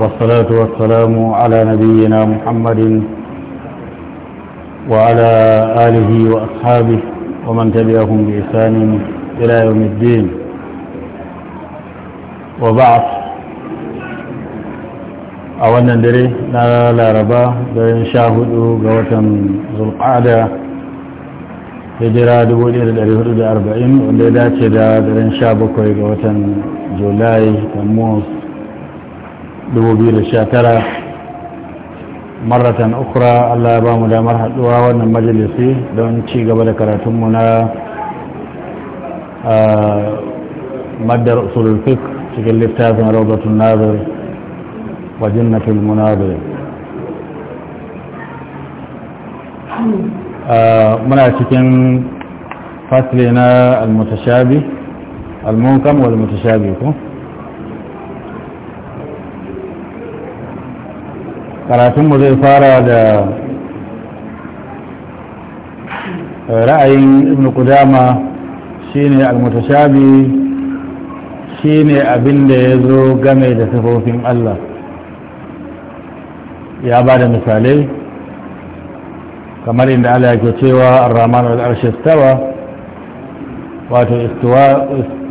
والصلاة والسلام على نبينا محمد وعلى آله وأصحابه ومن تبعهم بإحسان إلى يوم الدين وبعض أولا دري لا لا ربا بين شاهدوا قوة ذو القعدة هجرة دبول إلى الأرهر الأربعين والليلات شداد إن شابك قوة جولاي تموز 2019 maratan ukura allah ya ba mu damar haɗuwa wannan majalisi don ci gaba da karatunmu na ah, maddar usulul cikin littafin rawdatun nazir wa na munazir ah, muna cikin fasli na almutashabi mutashabi wal-mutashabi ko karatunmu zai fara da ra'ayin ibn kudama shine almutashabi shine abin da ya zo game da sifofin Allah ya ba da misalai kamar inda Allah yake cewa ar-rahman al-arshi istawa wato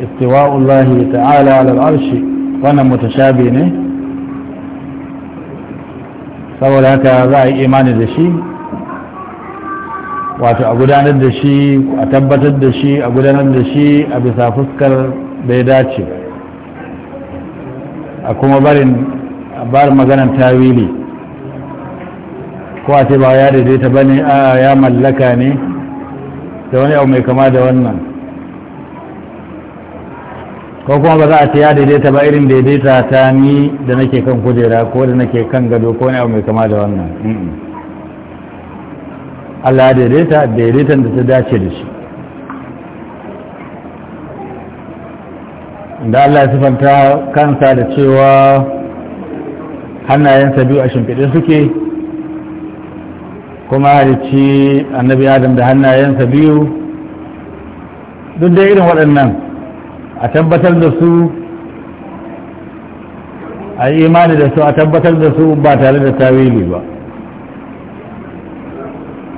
istiwa'ullahi ta'ala ala al-arshi wannan mutashabi ne saboda haka za a yi imani da shi wato a gudanar da shi a tabbatar da shi a gudanar da shi a bisa fuskar da ya dace a kuma barin bar maganar tawili ko a ce ba ya daidaita ba ne a ya mallaka ne da wani abu mai kama da wannan ko kuma ba za a ce ya daidaita ba irin daidaita ta ni da nake kan kujera ko da nake kan gado ko ne abu mai kama da wannan Allah daidaita daidaitan da ta dace da shi da Allah ya sifanta kansa da cewa hannayensa biyu a shimfiɗe suke kuma halicci annabi adam da hannayensa biyu duk da irin waɗannan a tabbatar da su a yi imani da su a tabbatar da su ba tare da tawili ba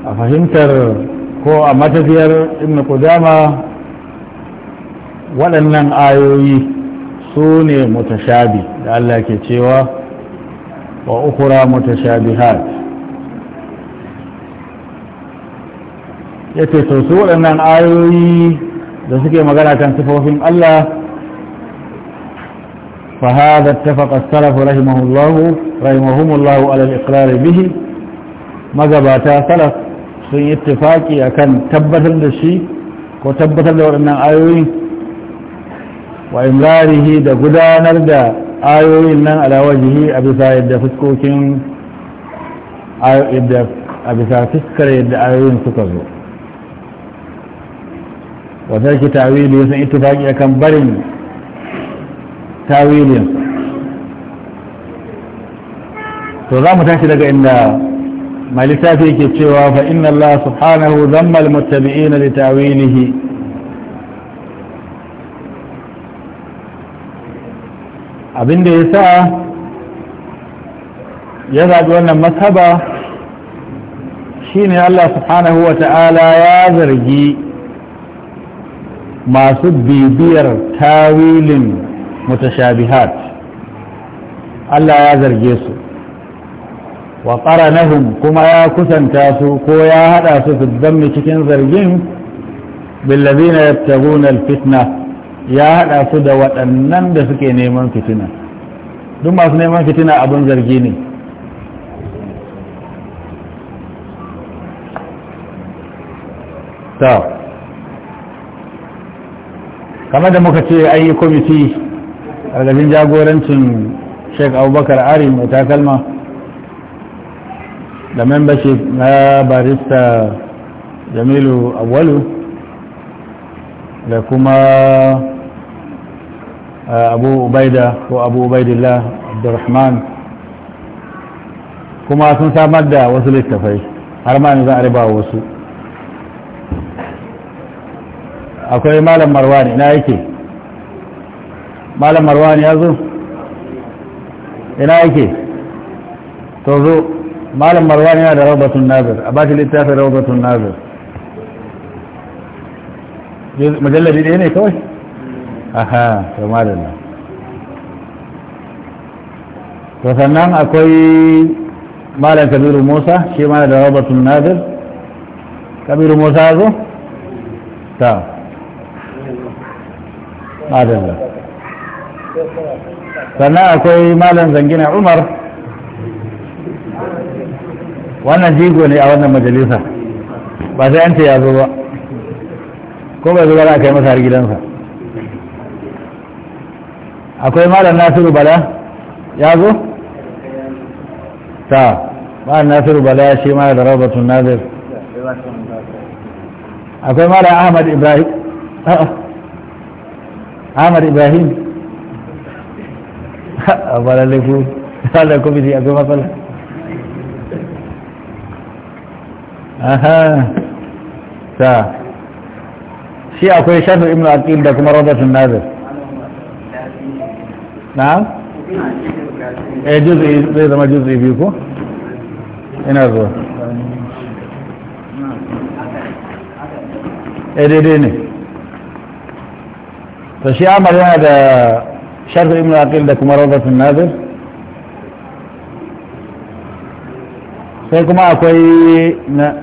a fahimtar ko a matafiyar ibn kudama waɗannan ayoyi su ne mutashabi da Allah ke cewa wa ukura mutashabihat ya ce su waɗannan ayoyi da suke magana kan sifofin Allah فهذا اتفق السلف رحمه الله رحمهم ala على الإقرار به مغباتا سلف sun ittifaki akan tabbatar da shi ko tabbatar da waɗannan ayoyin wa da gudanar da ayoyin nan alawajihi a bisa yadda fuskokin bisa fuskar yadda ayoyin suka zo wa tawilin sun sun ittifaqi akan barin tawilin to za mu tashi daga inda mai littafi ke cewa fa inna Allah subhanahu zamma al-muttabi'ina li tawilihi abinda ya sa ya zaɓi wannan mashaba shine Allah subhanahu wa ta'ala ya zargi masu bibiyar tawilin mutashabihat Allah ya zarge su wa qaranahum kuma ya kusanta su ko ya hada su fi dammi cikin zargin billazina yabtaguna alfitna ya hada su da waɗannan da suke neman fitina duk masu neman fitina abin zargi ne kamar da muka ce an yi kwamiti ƙarƙashin jagorancin sheik abubakar ari mai takalma da membership na barista jamilu awalu da kuma uh, abu ubaida ko abu ubaidillah abdurrahman kuma sun samar da wasu littafai har ma ne za a riba wasu akwai malam marwani na yake malam marwani ya zo ina yake to zo malam marwani yana da rabatun nazir a bashi littafin rabatun nazir majallabi ne ne kawai aha to na, to sannan akwai malam kabiru musa shi mana da rabatun nazir kabiru musa zo ta madalla sannan akwai malam zangina umar wannan jigo ne a wannan majalisa ba sai an ce ya zo ba ko ba zuwa aka yi masa har gidansa akwai malam nasiru bala ya zo? ta malam nasiru bala shi malam da rabatun nazir akwai malam ahmad ibrahim Ahmad Ibrahim a ba lallai ku lallai komiti akwai matsala aha ta shi akwai shafi ibn aqil da kuma rawdatun nazir na'am eh juzu zai zama juzu biyu ko ina zuwa eh daidai ne فشي عمل هذا ده شرف ابن العقيل ده كما رضى في النادر سيكما اكوي نا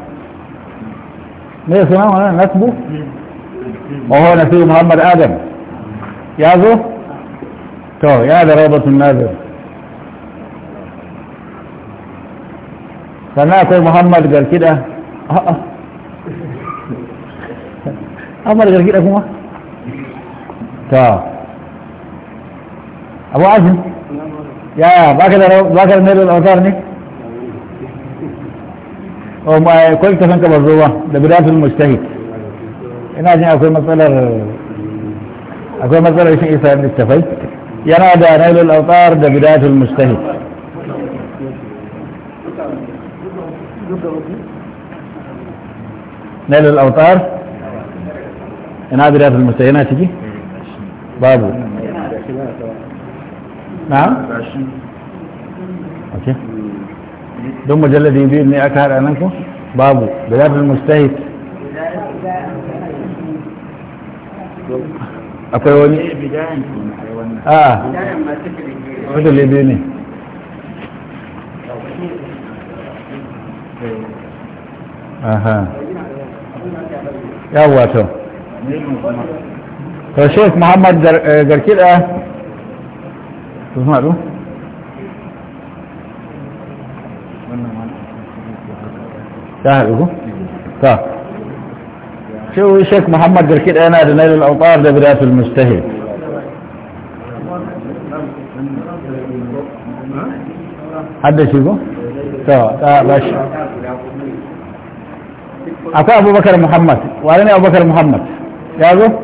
ميه سنوه انا نسبه وهو نسيب محمد ادم يازو تو طيب، يا ده رضى في النادر فانا اكوي محمد قال كده امر قال كده كما طيب ابو عزم يا يا باكر نيرو الاوتارني وما كل تفنك برضوة لبداية المجتهد انا عزين اكون مسألة اكون مسألة اسم ايسا ابن التفاي ينادى نيل الأوتار ده بداية المجتهد نيل الاوطار ينادى بداية المجتهد هنا تجي babu na? ok don mujalladin biyu ne aka haɗa nan ku, babu da zafin mustahid akwai wani? a ah. mujalladin biyu ne aha yawwa wato فالشيخ محمد آه، جركيلة آه. تسمع له تعالوا تعال شو الشيخ محمد جركيل أنا لنيل الأوطار لبداية المجتهد حد يشيكو تعال باش أكو أبو بكر محمد وعليني أبو بكر محمد يا أبو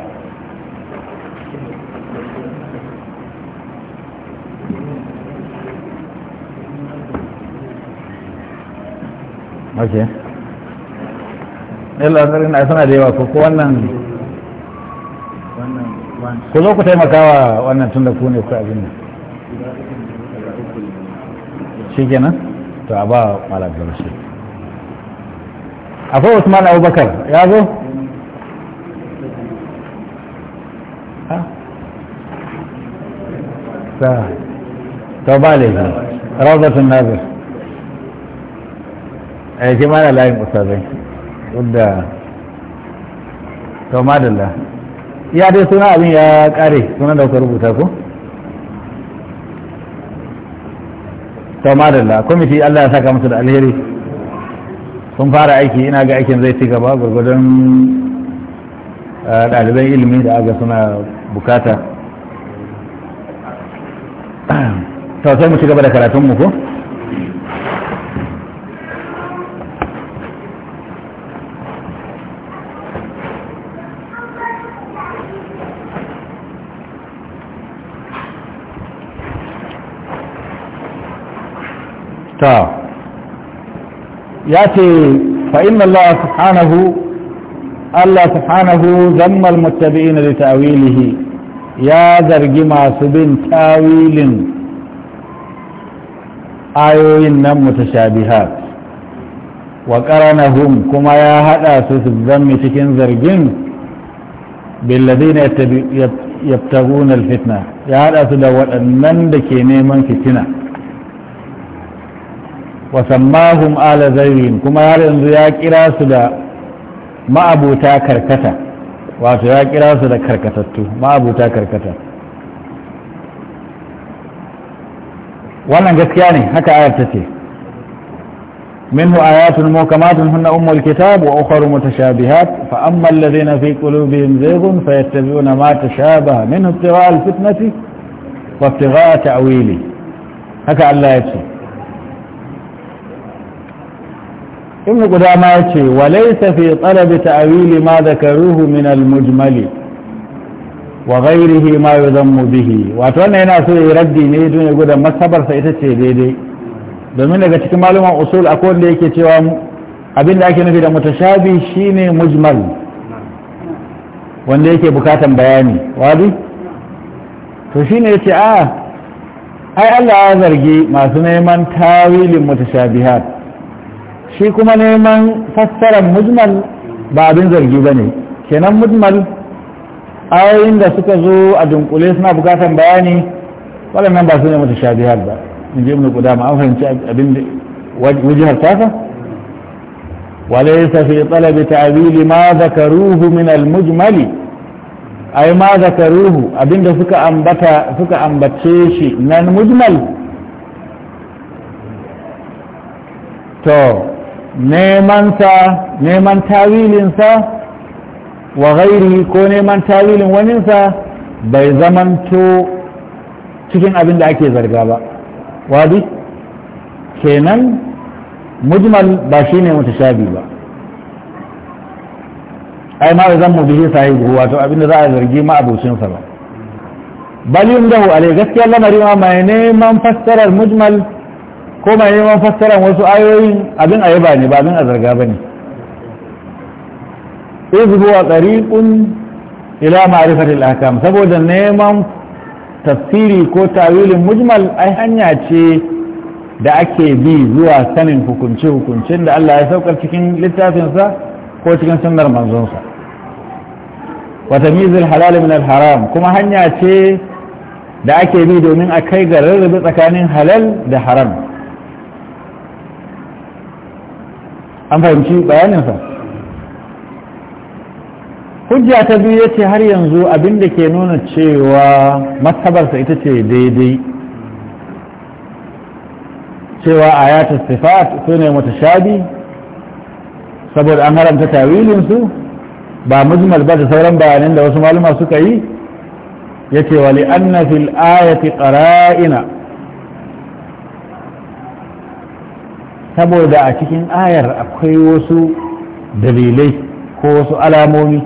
ok ɗin lantarin na suna da yawa ko wannan ku zo ku taimakawa wannan tun da ku ne ku abin nan shi kenan to a ba malam shi akwai usman abubakar ya zo ta ba laifi rauzatun nazir a yake ma da layin ustazai wadda to madalla ya dai suna abin ya kare suna da rubuta ko to madalla kwamiti allah ya saka musu da alheri sun fara aiki ina ga aikin zai ci gaba gwargwadon eh, ɗaliban ilimi da aga suna bukata to sai mu ci gaba da karatunmu ko? ta ya ce fa'in Allah subhanahu Allah subhanahu zammal mutabi'in da ta'awilihi ya zargi masu bin tawilin ayoyin nan mutashabihat wa qaranahum kuma ya haɗa su su zammi cikin zargin billadina yabtaguna alfitna ya haɗa su da waɗannan da ke neman fitina wa sammahum ala zarrin kuma har yanzu ya kira su da ma'abuta karkata wato ya kira su da karkatattu ma'abuta karkata wannan gaskiya ne haka ayar ta ce منه آيات محكمات هن أم الكتاب وأخر متشابهات فأما الذين في قلوبهم زيغ فيتبعون ما تشابه منه ابتغاء الفتنة وابتغاء تأويله هكا الله يبسط in qudama yace ce laysa fi talabi ta'wili ma dhakaruhu min al wa ghayrihi ma yudammu bihi wato wannan yana so ya raddi ne don ya gudan masabar sa ita ce daidai domin daga cikin maluman usul akwai wanda yake cewa abin da ake nufi da mutashabi shine mujmal wanda yake bukatan bayani wadi to shine yace a ah, ai Allah ya zargi masu neman tawilin mutashabihat shi kuma neman fassarar mujmal ba abin zargi ba ne kenan mujmal ayoyin da suka zo a dunkule suna bukatan bayani waɗannan ba su ne mata shabihar ba in ji ibn dama an fahimci abin da ya tasa وليس في طلب تعبيل ما min من المجمل ai ma zakaruhu abinda suka ambata suka ambace shi nan mujmal to neman tawilinsa wa gairi ko neman tawilin waninsa bai zamanto cikin abin da ake zarga ba wadi kenan mujmal ba shi ne shabi ba ai ma zan mu bihi sahihu wato abin da za a zargi ma abocinsa ba bal yundahu alai gaskiya lamari ma mai neman fassarar mujmal ko mai neman fassarar wasu ayoyin abin a yaba ne ba abin a zarga ba ne izuwa tsariƙun ila ma'arifatul ahkam saboda neman tafsiri ko tawilin mujmal ai hanya ce da ake bi zuwa sanin hukunce hukuncin da Allah ya saukar cikin littafinsa ko cikin sunnar manzonsa wata mizil halal min haram kuma hanya ce da ake bi domin a kai ga rarrabe tsakanin halal da haram an fahimci bayaninsa hujja ta biyu ya ce har yanzu abinda ke nuna cewa masabarsa ita ce daidai cewa ayatul sifat su ne mutashabi saboda an haramta tawilinsu ba mujmal ba da sauran bayanan da wasu malama suka yi ya ce wa li'anna ayati qara'ina saboda a cikin ayar akwai wasu dalilai ko wasu alamomi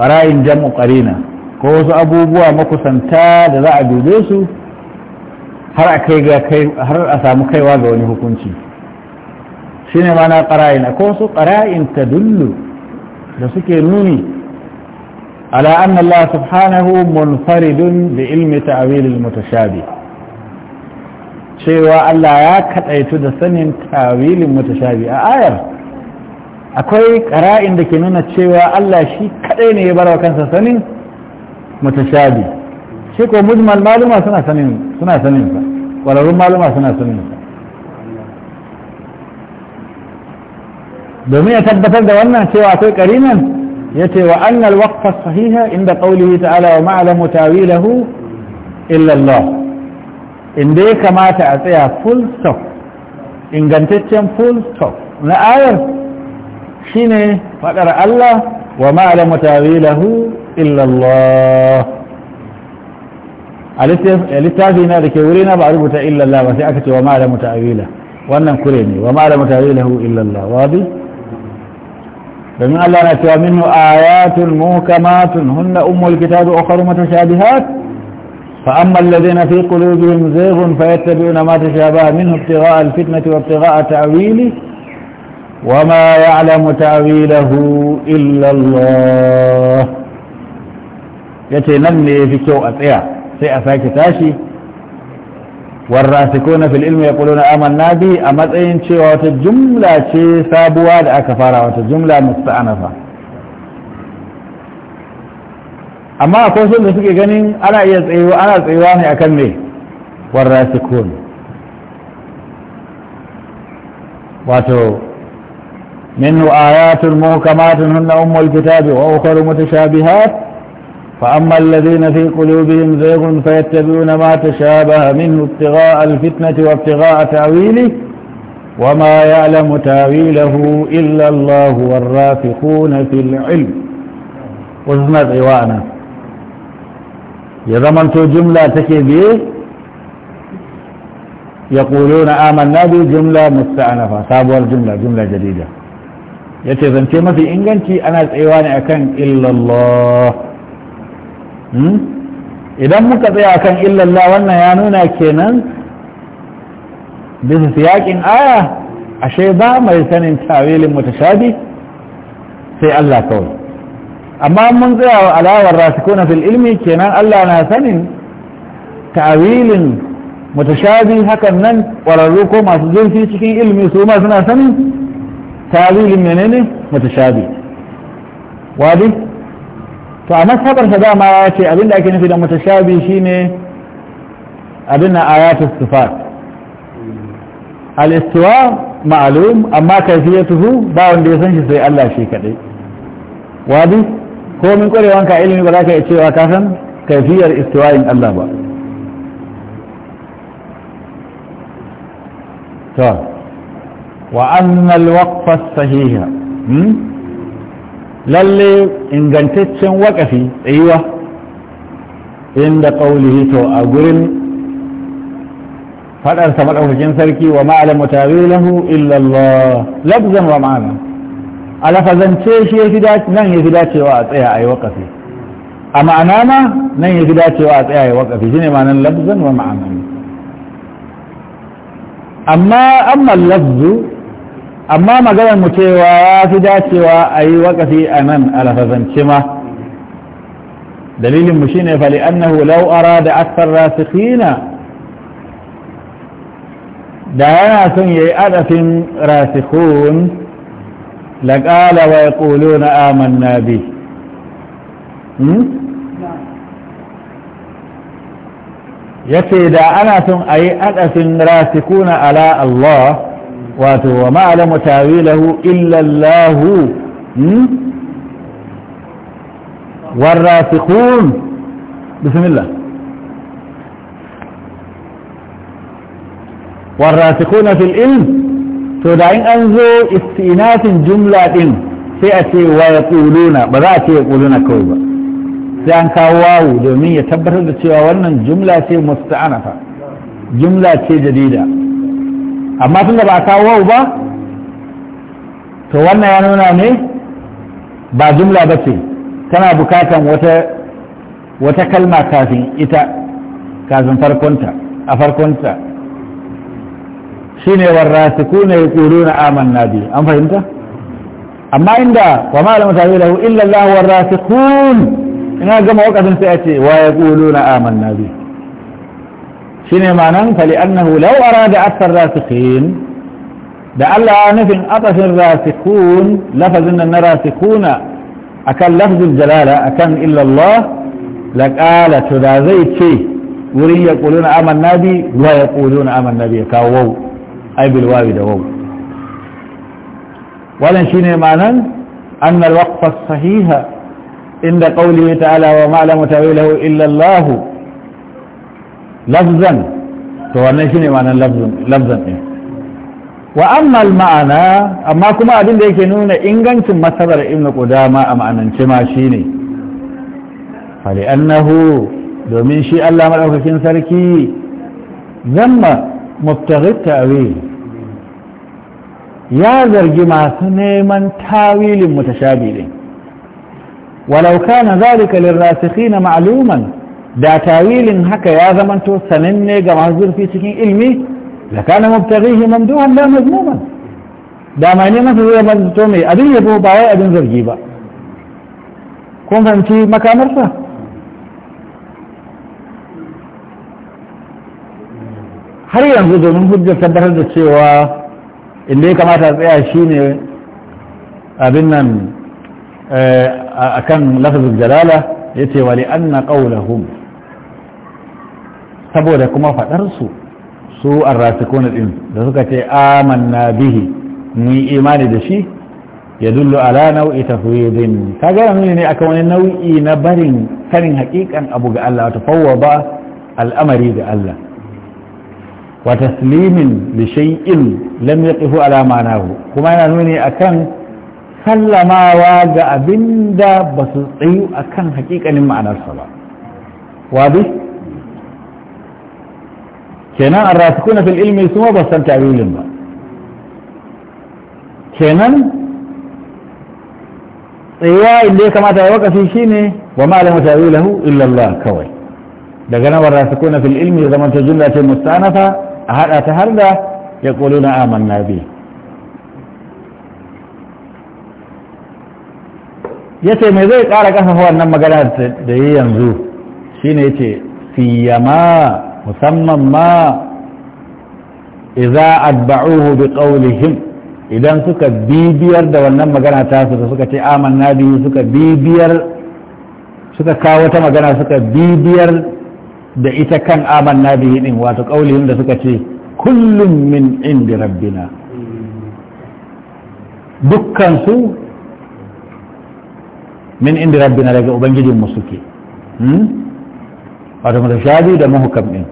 ƙara'in hmm? jam'u ƙarina ko wasu abubuwa makusanta da za a dube su har a samu kaiwa ga wani hukunci shi ne mana ƙara'in akwai wasu ƙara'in ta dullu da suke nuni ala anna Allah subhanahu munfaridun da ilmi ta'awilil mutashabi cewa Allah ya kaɗaitu da sanin tawilin mutashabi a ayar akwai ƙara'in da ke nuna cewa Allah shi kaɗai ne ya bar wa kansa sanin mutashabi shi ko mujmal maluma suna sanin suna sanin sa wararrun maluma suna sanin sa domin ya tabbatar da wannan cewa akwai ƙarinan ya ce wa annal waqfa sahiha inda qawlihi ta'ala wa ma'lamu tawilahu illa Allah inda ya kamata a tsaya full stop ingantaccen full stop na ayar shine faɗar Allah wa ma'alamu tawilahu illallah a littafi na da ke wuri na ba a rubuta illallah ba sai aka ce wa ma'alamu tawila wannan kure ne wa ma'alamu tawilahu illallah wadi domin Allah na cewa minhu ayatun mukamatun hunna ummul kitabi ukhra mutashabihat فأما الذين في قلوبهم زيغ فيتبعون ما تشابه منه ابتغاء الفتنة وابتغاء تأويله وما يعلم تأويله إلا الله يتنمي في كو أطيع سيئة تاشي والراسكون في العلم يقولون آمنا به أمتين شيء وتجملة شيء سابوا لأكفارة وتجملة مستأنفة amma akwai sun da suke ganin ana iya tsayuwa ana tsayuwa ne akan me warrasikun wato منه آيات محكمات هن أم الكتاب وأخر متشابهات فأما الذين في قلوبهم زيغ فيتبعون ما تشابه منه ابتغاء الفتنة وابتغاء تأويله وما يعلم تأويله إلا الله والرافقون في العلم وزنت غوانا ya zamanto jumla take biye ya ƙoro na amanna bi jumla musta'anafa sabuwar jumla jumla jadida ya ce zance mafi inganci ana tsayawa ne akan illallah hmm? idan muka tsaya akan illallah wannan ya nuna kenan bisa siyaƙin aya ashe ba mai sanin tawilin mutashabi sai Allah kawai amma mun tsaya wa alawar rasikuna fil ilmi kenan Allah na sanin ta'awilin mutashabi hakan nan ƙwararru ko masu zurfi cikin ilmi su ma suna sanin ta'awilin menene mutashabi wadi to a masabar sa dama ya ce abinda ake nufi da mutashabi shine abin na ayatul sifat al-istiwa ma'lum amma kayfiyatuhu ba wanda ya san shi sai Allah shi kadai wadi komin kwarewanka a ilimi ba za ka iya cewa ka san kaifiyar istiwayin Allah ba to wa annal waqfa sahiha hmm? lalle ingantaccen waƙafi tsayuwa inda qaulihi to a gurin fadarsa madaukakin sarki wa ma'alamu tawilahu illa Allah labzan wa ma'ana a lafazance shi ya fi nan ya fi dacewa a tsaya a yi waƙafi a ma'ana ma nan ya fi dacewa a tsaya a yi waƙafi shi ne ma'anan lafzan wa ma'anan amma amma lafzu amma maganar mu cewa ya fi dacewa a yi waƙafi a nan a lafazance ma dalilin mu shine fali annahu law arada akthar rasikhina da yana son ya yi adafin rasikhun لقال ويقولون آمنا به يتي إذا أنا ثم أي أدف راسكون على الله واتوا وما أعلم تاويله إلا الله والراسخون بسم الله والراسخون في العلم to da in an zo istinafin jumla din sai a ce wa ya kuluna ba za a ce ya kuluna kawai ba sai an kawo wawu domin ya tabbatar da cewa wannan jumla ce musta'anafa jumla ce jadida amma tun da ba a kawo wawu ba to wannan ya nuna ne ba jumla ba ce tana bukatan wata wata kalma kafin ita kafin farkonta a farkonta shine warasikuna yaquluna amanna bi an fahimta amma inda wa ma lam ta'lamu illa Allah warasikun ina gama wakafin sai ace wa yaquluna amanna bi shine manan fa annahu law arada athar rasikin da Allah anafin athar rasikun lafazin nan rasikuna akan lafzul jalala akan illa Allah la qala to da wurin yaquluna amanna bi wa yaquluna amanna bi kawau aibil wawi da wawu wannan shine ma'anan anna alwaqfa sahiha inda qawlihi ta'ala wa ma'lamu tawilahu illa Allah lafzan to wannan shine ma'anan lafzan lafzan din wa amma ma'ana amma kuma abin da yake nuna ingancin masabar ibn qudama a ma'anance ma shine fali annahu domin shi Allah madaukakin sarki zamma mubtaghi ta'wil ya zargi masu neman tawilin mutashabi din walau kana zalika na ma'luman da tawilin haka ya zamanto sananne ga masu zurfi cikin ilmi la kana mubtaghihi mamduhan la mazmuman da mai neman su zai zamanto mai abin yabo ba wai abin zargi ba kun fahimci makamarsa har yanzu domin hujjar tabbatar da cewa inda ya kamata a tsaya shi ne abin nan eh, a kan lafazin jalala ya ce wali an na ƙaunahun saboda kuma faɗarsu su an rasikuna ɗin da suka ce na bihi ni imani da shi ya dullu ala nau'i din. ta gaya nuni ne akan wani nau'i na barin sanin hakikan abu ga Allah wato fawwa ba al'amari ga Allah wa taslimin li shay'in lam yaqifu ala ma'nahu kuma yana nuni akan sallamawa ga abinda ba su tsayu akan hakikanin ma'anarsa ba wadi kenan arrasikuna fil ilmi suma ba san ta'wilin ba kenan tsayuwa inda ya kamata ya wakafi shine wa ma'alama ta'wilahu illa Allah kawai daga nan warrasikuna fil ilmi zaman ta jumla ce mustanafa a haɗa ta har da ya ƙulu na aman na bi ya ce mai zai ƙara ƙasafa wannan magana da yi yanzu shine ya ce ma musamman ma iza adba'uhu bi qawlihim idan suka bibiyar da wannan magana ta su da suka ce amanna biyu suka bibiyar suka kawo ta magana suka bibiyar da ita kan amanna bihi din wato kaulin da suka ce kullum min indi rabbina dukkan su min indi rabbina daga ubangijin mu suke hmm? wato mutashabi da mahukam din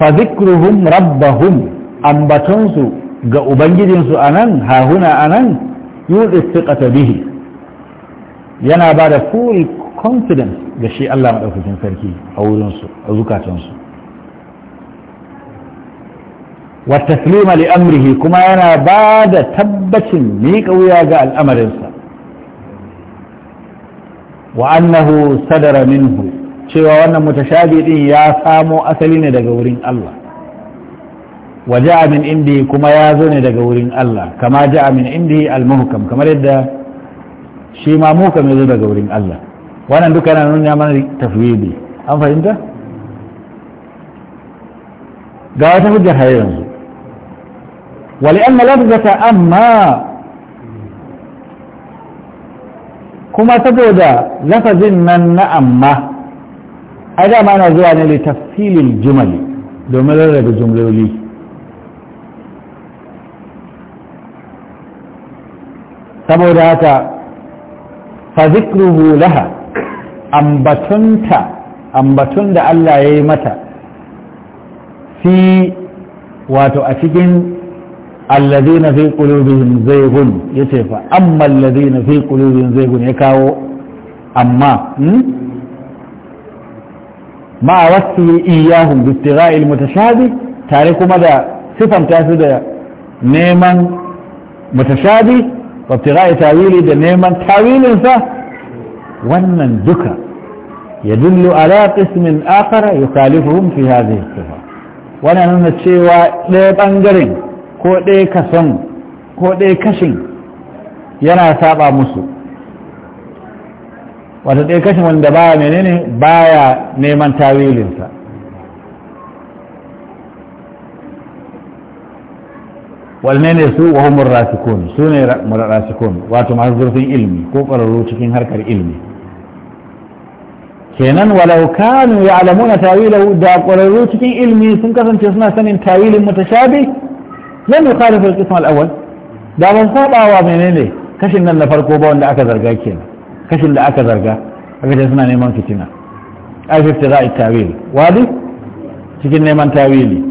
fa zikruhum rabbahum ambaton su ga ubangijin su anan hahuna anan yudi thiqata bihi yana ba da full confidence ga shi Allah maɗaukakin sarki a wurinsu a zukatansu wa taslima amrihi kuma yana ba da tabbacin miƙa wuya ga al'amarinsa wa annahu sadara minhu cewa wannan mutashabi din ya samo asali ne daga wurin Allah wa ja'a min indi kuma ya zo ne daga wurin Allah kama ja'a min indi al-muhkam kamar yadda shi ma muhkam ya zo daga wurin Allah wannan duka yana nuna mana tafwidi an fahimta ga wata hujjar har yanzu wali an lafzata amma kuma saboda lafazin nan na amma ai dama zuwa ne litafsilil jumali domin rarraba jumloli saboda haka fa zikruhu laha ambatunta ambatun da Allah ya yi mata fi wato a cikin allazi na fi zai gun ya ce fa amma na fi zai gun ya kawo amma hmm? ma a wasu iyahum bi istira'il mutashabi tare kuma da sifanta su da neman mutashabi wa ibtira'i tawili da neman tawilinsa wannan duka dullu ala qismin akhar yukhalifuhum fi hadhihi sifa wannan nuna cewa ɗaya bangaren ko ɗaya kason ko ɗaya kashin yana saba musu wata ɗaya kashin wanda baya menene baya neman tawilinsa Wanne ne su wa humur rasikun su ne rasikun wato masu zurfin ilmi ko ƙwararru cikin harkar ilmi kenan walau kanu ya'lamuna tawilahu da ƙwararru cikin ilmi sun kasance suna sanin tawilin mutashabi lam yukhalifu al-qism al-awwal da ban saba wa menene kashin nan na farko ba wanda aka zarga kenan kashin da aka zarga aka ce suna neman fitina ai fiftira tawil wadi cikin neman tawili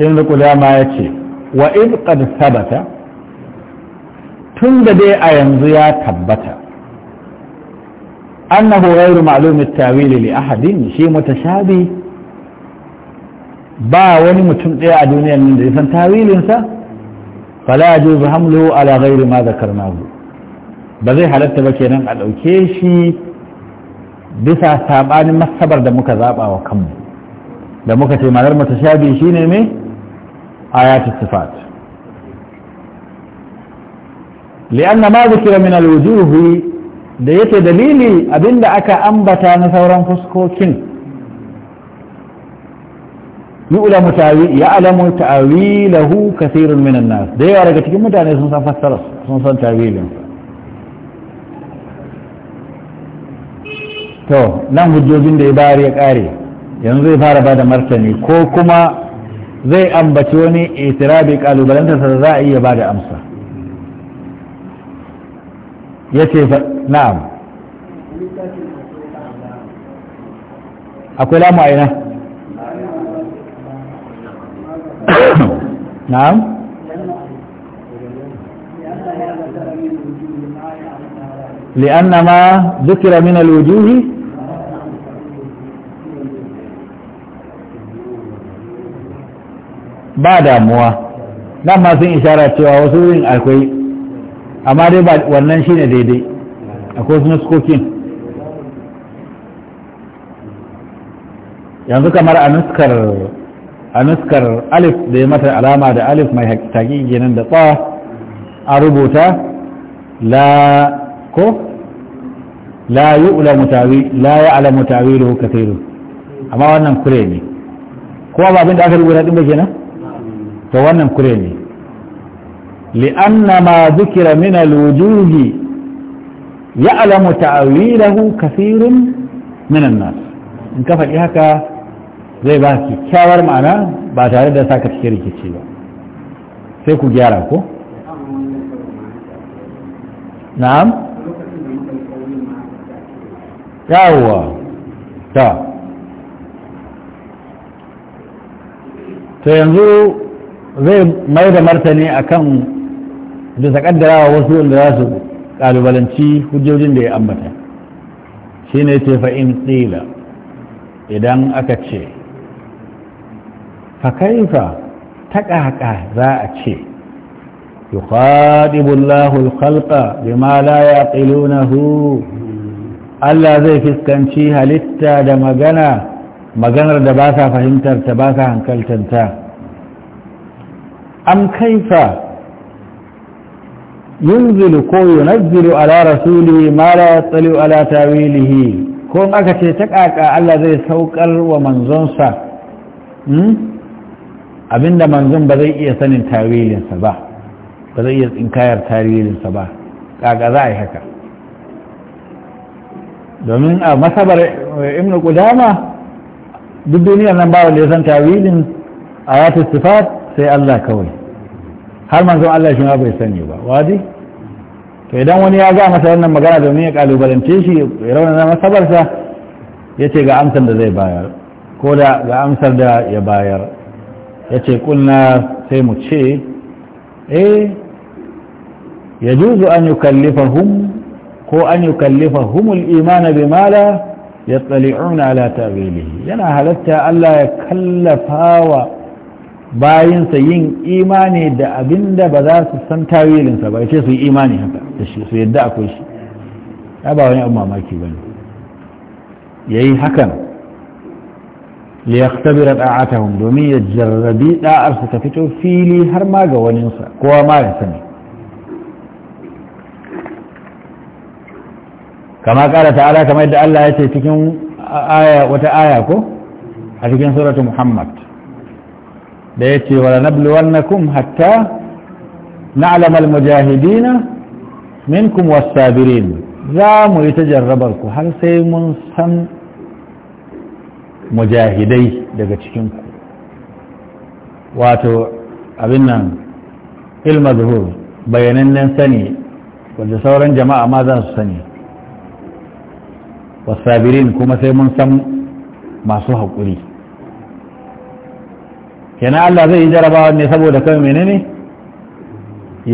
ibn ya ce wa id qad sabata tun da dai a yanzu ya tabbata annahu ghayru ma'lum at-tawil li ahadin shi mutashabi ba wani mutum ɗaya a duniyar nan da ya san tawilinsa fala yajuzu hamlu ala ghairu ma dhakarnahu ba zai halatta ba kenan a ɗauke shi bisa saɓanin masabar da muka zaɓa wa kanmu da muka ce malar shi shine me آيات الصفات لأن ما ذكر من الوجوه da yake dalili abinda aka ambata na sauran fuskokin ya'lamu ta'wilahu kathirun minan nas da yawa daga cikin mutane sun san fassara sun san ta'wilin to nan hujjojin da ya bayar ya kare yanzu zai fara bada martani ko kuma zai ambaci wani itirabi kalubalantarsa da za a iya ba da amsa ya ce na'am akwai lamu aina na'am لأن ما ذكر من الوجوه ba damuwa nan ma sun ishara cewa wasu wurin akwai amma dai ba wannan shine daidai akwai wasu nuskokin yanzu kamar a nuskar a nuskar alif da ya mata alama da alif mai haƙi nan da tsawa a rubuta la ko la yi ala mutawi da hukatai amma wannan kure ne kuma ba abin da aka rubuta ɗin ba kenan to wannan kure ne li'anna ma zikira min alwujuhi ya'lamu ta'wilahu kathirun min an-nas in ka faɗi haka zai ba kyawar ma'ana ba tare da saka cikin rikici ba sai ku gyara ko na'am yawwa ta to yanzu zai mai da martani a kan da kaddara wa wasu wanda za su kalubalanci hujjojin da ya ambata shi ne ce fa'in tsila idan aka ce fakaifa ta ƙaƙa za a ce yukhadibu Allahul khalqa bima la yaqilunahu Allah zai fuskanci halitta da magana maganar da ba sa fahimtar ta ba sa hankaltanta am kaifa yunzilu ko yunazzilu ala rasulihi ma la yattali ala tawilihi ko in aka ce ta kaka Allah zai saukar wa manzonsa hmm? abinda manzon ba zai iya sanin tawilinsa ba ba zai iya tsinkayar tawilinsa ba kaka za a yi haka domin a masabar ibn qudama duk duniyar nan ba wanda ya san tawilin ayatul sifat sai Allah kawai har manzon Allah shi ma bai sani ba wadi to idan wani ya ga masa wannan magana domin ya kalubalance shi ya na masabarsa ya ce ga amsar da zai bayar ko da ga amsar da ya bayar ya ce kunna sai mu ce eh ya juzu an yi kallifahun ko an yi kallifahunul imana bi mala ya tsali'una ala ta'wilihi yana halatta Allah ya kallafa wa bayinsa yin imani da abinda da ba za su san tawilinsa ba ce su yi imani haka da shi su yadda akwai shi ya ba wani abu mamaki ba ne ya yi hakan liyaktabira da'atahum domin ya jarrabi su ta fito fili har ma ga waninsa kowa ma ya sani kama kara ta'ala kamar yadda Allah ya ce cikin wata aya ko a cikin suratu Muhammad da ya ce wala nabluwannakum hatta na almujahidina minkum was wasabirin za mu yi ta jarrabar ku har sai mun san mujahidai daga cikinku wato abin nan ilma bayanannen sani wadda sauran jama'a ma za su sani wasabirin kuma sai mun san masu haƙuri kenan Allah zai yi jarabawa ne saboda kai menene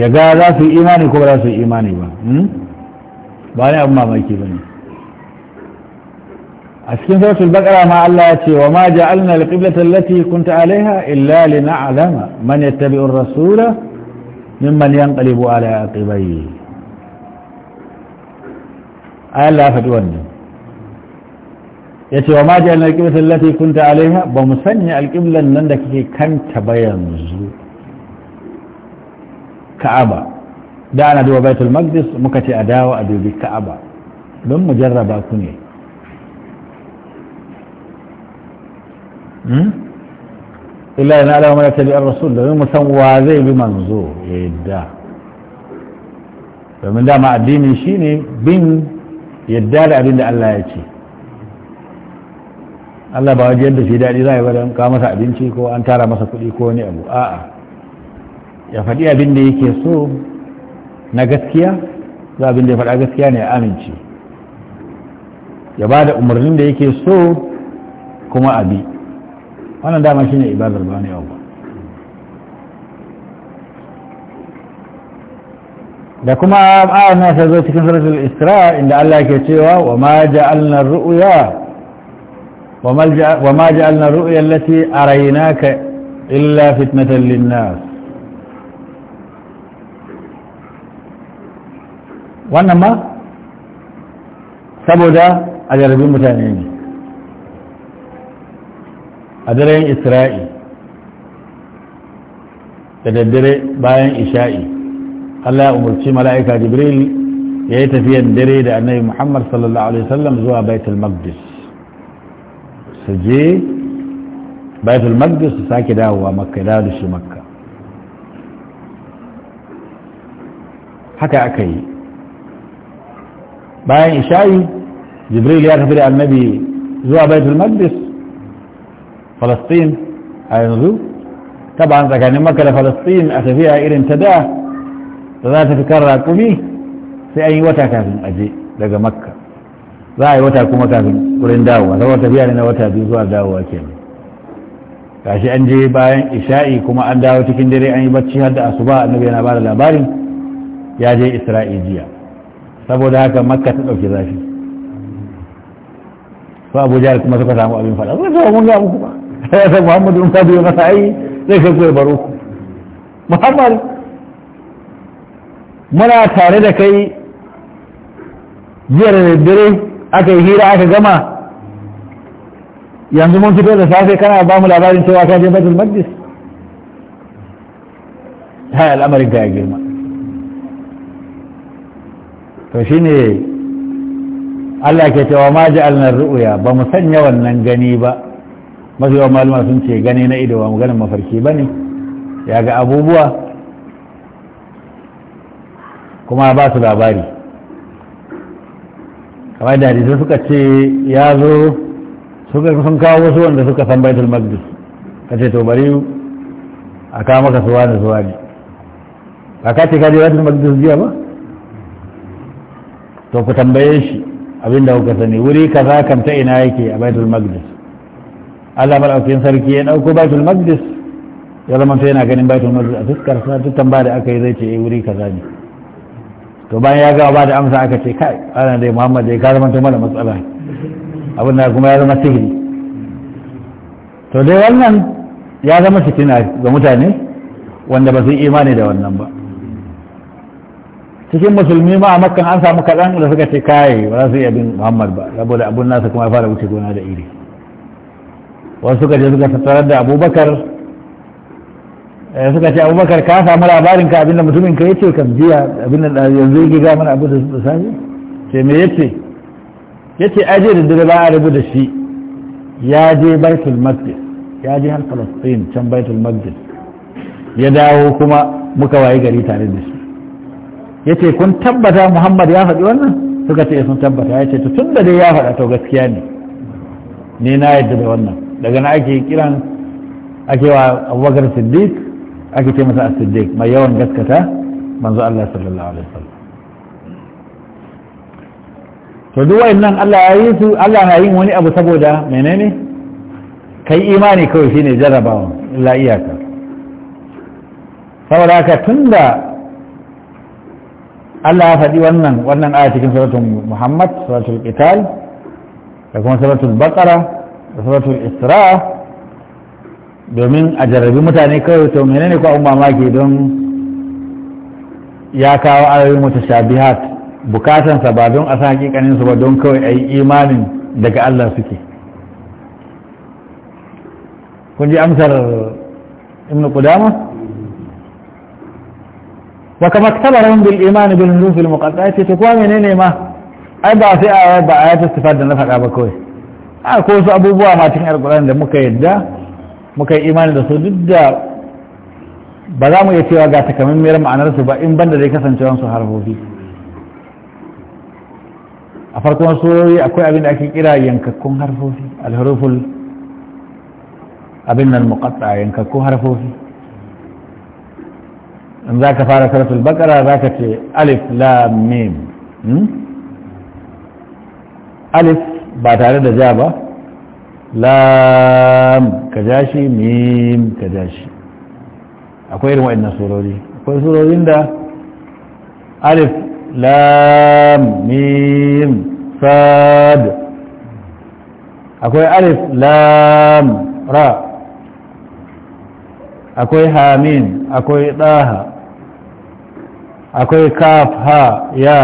ya ga za su yi imani ko ba za su yi imani ba ba ne abin mamaki ba ne a cikin sautul bakara ma Allah ya ce wa ma ja'alna alqiblata allati kunta alaiha illa lina'lama man yattabi'u ar-rasula mimman yanqalibu ala aqibayhi Allah ya faɗi wannan ya ce wa ma ji anar ƙiblatar lati kunta alaiha ba mu sanya alƙiblan nan da kake kanta ba yanzu ka'aba da ana duba baitul maqdis muka ce a dawo a dubi ka'aba don mu jarraba ku ne hmm? illa yana alama da tabi'ar rasul domin mu san wa zai bi manzo ya yadda domin dama addini shine bin yadda da abin da Allah ya ce Allah ba wajen yadda shi daɗi za a yi wajen kawo masa abinci ko an tara masa kuɗi ko wani abu a'a ya faɗi abin da yake so na gaskiya za abin da ya faɗa gaskiya ne ya amince ya ba da umarnin da yake so kuma abi wannan dama shi ne ibadar ba ne ba da kuma a'a na ta zo cikin suratul isra inda Allah ke cewa wa ma ja'alna ru'ya وما جعلنا الرؤيا التي أريناك إلا فتنة للناس وانما سبدا أجربي متانيني أدري إسرائي تددري باين إشائي ألا أمرتشي ملائكة جبريل يأتي فيها الدريد أن محمد صلى الله عليه وسلم زوى بيت المقدس su je baitul maqdis su sake dawowa makka dawo da shi makka haka aka yi bayan isha'i jibril ya tafi da annabi zuwa baitul maqdis falastin a yanzu taban tsakanin makka da falastin a tafiya irin ta da da za ta fi kan raƙumi sai an yi wata kafin aje daga makka za a yi wata kuma kafin wurin dawowa saboda tafiya ne na wata biyu zuwa dawowa ke kenan gashi an je bayan isha'i kuma an dawo cikin dare an yi bacci har da asuba annabi yana bada labarin ya je isra'i jiya saboda haka makka ta ɗauki zafi Ko abu jihar kuma suka samu abin faɗa suka samu mun ga muku ba sai ya muhammadu in sabiyo masa ai zai kai kuwa baro muhammad muna tare da kai jiya da daddare aka yi hira aka gama yanzu mun fito da safe kana ba mu labarin cewa ka je baitul ta yi al'amarin ka ya girma to shine Allah ke cewa ma ji alnar ru'ya ba mu sanya wannan gani ba mafi yawan maluma sun ce gani na ido ba mu ganin mafarki ba ne ya ga abubuwa kuma ba su labari kamar da hadisi suka ce ya zo suka sun kawo wasu wanda suka san baitul maqdis ka ce to bari a kawo maka suwa da suwa ne ba ka ce ka je baitul maqdis jiya ba to ku tambaye shi abinda kuka sani wuri kaza kan ta ina yake a baitul maqdis Allah madaukakin sarki ya dauko baitul maqdis ya zama yana ganin baitul maqdis a fuskar sa duk tambaya da aka yi zai ce eh, wuri kaza ne to bayan ya gawa ba da amsa aka ce kai ana dai muhammad dai ka zama mana matsala abin da kuma ya zama sihiri to dai wannan ya zama fitina ga mutane wanda ba su yi imani da wannan ba cikin musulmi ma a makkan an samu kaɗan da suka ce kai ba za su iya bin muhammad ba saboda abun nasa kuma ya fara wuce gona da iri wasu suka je suka tattara da abubakar Eh, suka ce abubakar ka samu labarin ka abinda mutumin ka yace kan jiya abinda eh, yanzu yake ga mana abu da su sai ce me yace yace aje da dare ba a rubu da shi ya je baitul maqdis ya je har falastin can baitul maqdis ya dawo kuma muka waye gari tare da shi yace kun tabbata muhammad ya faɗi wannan suka ce eh, sun tabbata ya ce to tun da dai ya faɗa to gaskiya ne ne na yadda da wannan daga na ake kiran ake wa abubakar siddiq ake ce masa as mai yawan gaskata manzo Allah sallallahu alaihi wasallam to duk wayannan Allah ya yi su Allah na yi wani abu saboda menene kai imani kawai shine jarabawa la iyaka saboda haka tunda Allah ya faɗi wannan wannan aya cikin suratul Muhammad suratul Qital da kuma suratul Baqara da suratul Isra domin a jarrabi mutane kawai to menene ko mamaki don ya kawo ayoyin shabihat bukatansa ba don a sa hakikanin su ba don kawai a yi imanin daga Allah suke kun ji amsar ibn kudama wa kama tabarun bil iman bil nuzul al muqaddati to kuwa menene ma ai ba sai a ba ayatul sifat da na faɗa ba kawai a ko su abubuwa ma cikin alquran da muka yadda muka yi imani da su duk da ba za mu iya cewa ga takamaimiyar ma'anarsu ba in banda zai kasancewansu harfofi a farkon surori akwai abin da ake kira yankakkun harfofi alharuful abin nan muƙatta yankakkun harfofi in za ka fara suratul bakara za ka ce alif lam hmm? alif ba tare da ja ba lam ka ja mim ka akwai irin wa'annan surori akwai surorin da alif lam mim sad akwai alif lam ra akwai hamin akwai daha akwai kaf ha ya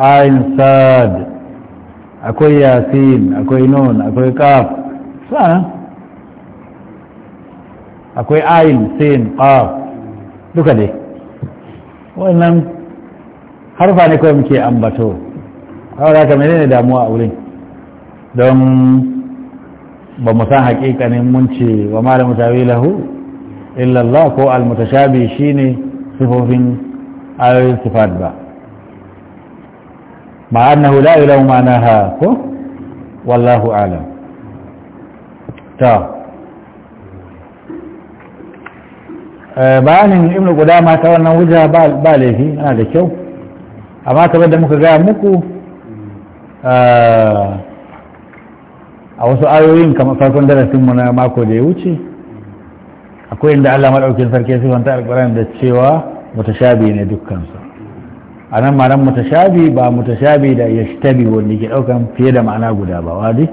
ain sad akwai yasin akwai nun akwai kaf sa'an akwai ayin sin qaf duka dai wannan harfa ne kawai muke ambato kawai haka ne damuwa a wurin don ba mu san haƙiƙanin mun wa mara mutawi lahu illallah ko almutashabi shine sifofin ayoyin sifat ba ma'annahu ma na ha ko wallahu alam ta eh, bayanin ibn gudama ta wannan wuja ba laifi ana da kyau amma kamar da muka gaya muku eh, a wasu ayoyin kamar farkon darasinmu na mako da ya wuce akwai inda allah maɗaukin sarki sifanta alƙwarar da cewa mutashabi ne dukkansu a nan ma'anar mutashabi ba mutashabi da ya shi tabi wanda ke ɗaukan fiye da ma'ana guda ba wadi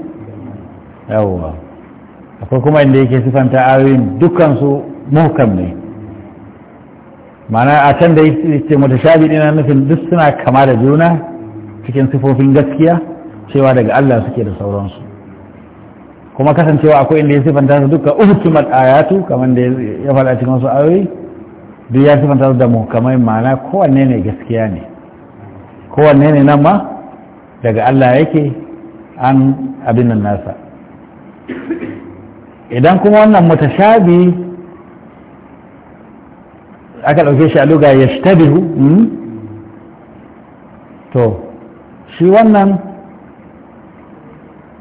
yawwa akwai kuma inda yake sifanta ayoyin dukansu muhkam ne ma'ana a can da yake mutashabi ɗina nufin duk suna kama da juna cikin sifofin gaskiya cewa daga Allah suke da sauransu kuma kasancewa akwai inda ya sifanta su duka uhkimat ayatu kamar da ya faɗa cikin wasu ayoyi duk ya sifanta su da muhkamai ma'ana kowanne ne gaskiya ne kowanne ne nan ma daga Allah yake an abin nasa idan kuma wannan mutashabi aka ɗauke shi a luga ya biyu hmm? to shi wannan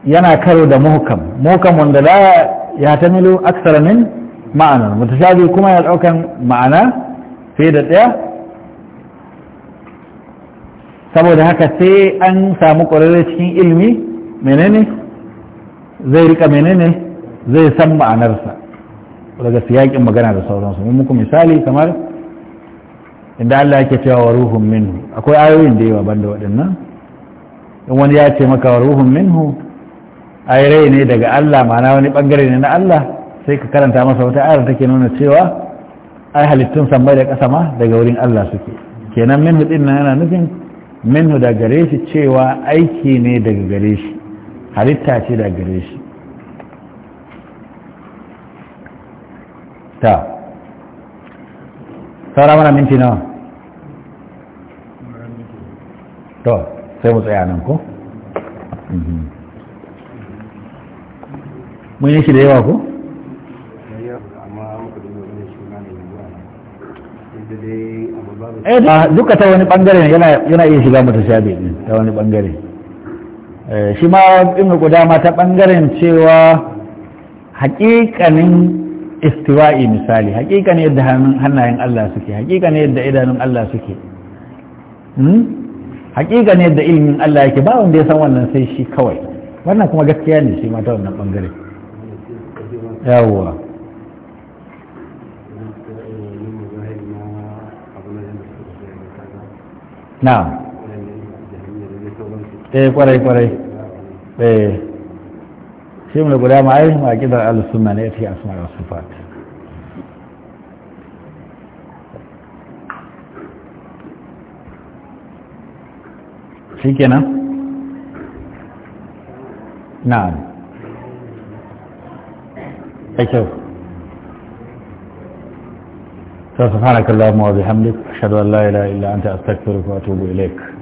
yana karo da muhkam muhkam wanda da ya ta milo min ma'ana mutashabi kuma ya ɗaukan ma'ana fiye da ɗaya saboda haka sai an samu ƙwararre cikin ilmi menene zai rika menene zai san ma'anarsa daga siyakin magana da sauransu mun muku misali kamar inda Allah yake cewa wa ruhun minhu akwai ayoyin da yawa banda waɗannan in wani ya ce maka wa ruhun minhu ai rai ne daga Allah ma'ana wani bangare ne na Allah sai ka karanta masa wata ayar take nuna cewa ai halittun sammai da ƙasa ma daga wurin Allah suke kenan minhu din nan yana nufin minhu da gare shi cewa aiki ne daga gare shi halitta ce daga gare shi ta saura mana minti nawa to sai mu tsaya nan ko mhm. mun yi shi da yawa ko eh, duka ta wani bangare yana iya shiga mutashabi shabe ta wani bangare eh, shi ma in guda ta bangaren cewa hakikanin istiwa'i misali hakika ne yadda hannayen Allah suke hakika ne yadda idanun Allah suke hmm? hakika ne yadda ilimin Allah yake ba wanda ya san wannan sai shi kawai wannan kuma gaskiya ne shi ma ta wannan bangare yawwa na'am eh kwarai kwarai eh شيء من العلماء عليهم أكيد على السنة في أسماء وصفات في كنا نعم أيشو سبحانك اللهم وبحمدك أشهد أن لا إله إلا أنت أستغفرك وأتوب إليك